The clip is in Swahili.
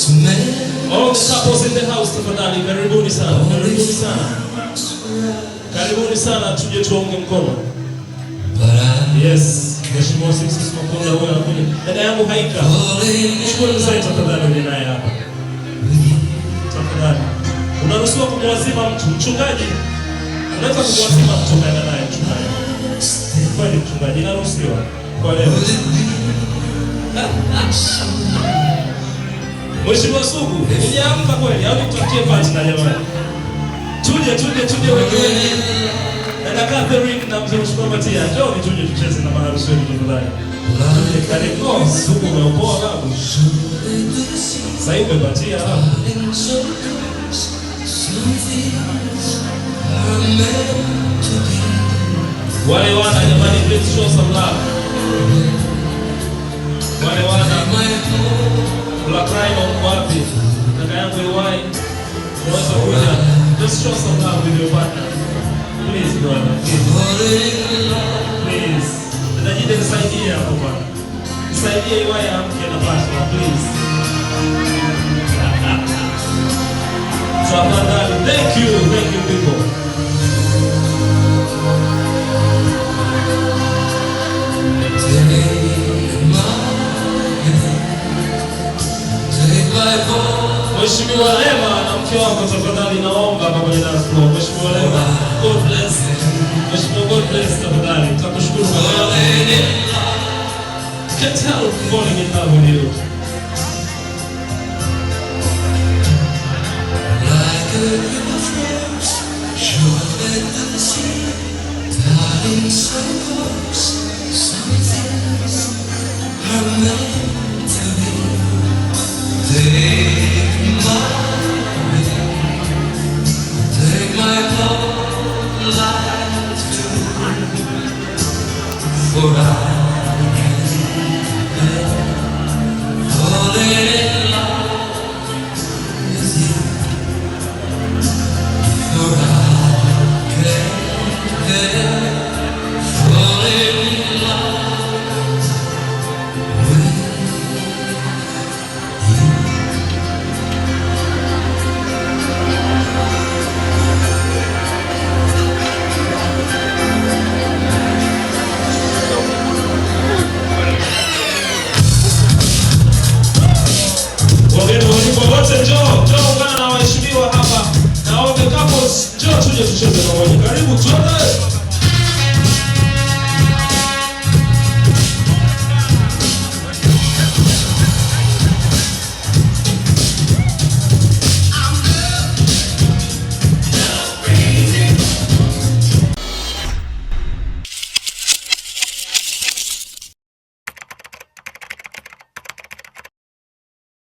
All the couples in the house tafadhali karibuni sana. Karibuni sana. Karibuni sana tuje tuonge mkono. Yes. Mheshimiwa Sisi Makonda huyo anakuja. Dada yangu Haika. Chukua mzee tafadhali uje naye hapa. Tafadhali. Unaruhusiwa kumwazima mtu mchungaji. Unaweza kumwazima mtu kaenda naye mchungaji. Kwani mchungaji inaruhusiwa? Kwa leo. Mheshimiwa Sugu, hujaamka kweli au tutakie pati na jamani? Tuje tuje tuje wewe wengi. Dada Catherine na mzee Mheshimiwa Matia, njoo tuje tucheze na maharusi wetu tafadhali. Tuje karibu. Oh, Sugu umeopoa babu. Sasa hivi Matia Wale wana jamani, please show some love. Wale wana Tunatai Mungu wapi? Kaka yangu Iwai, unaweza kuja. Just show some love with your partner. Please brother. Please. Najide nisaidie hapo bwana. Nisaidie Iwai amke na please. Thank you. Thank you. Mheshimiwa Lema na mke wako tafadhali, naomba pamoja na Mheshimiwa Lema, God bless. Mheshimiwa God bless tafadhali. kwa leo. Can't help falling in love with you. Like a river flows, sure that the darling, so Pastor. голос. Чего чудес учился на войне? Карибу, кто знает?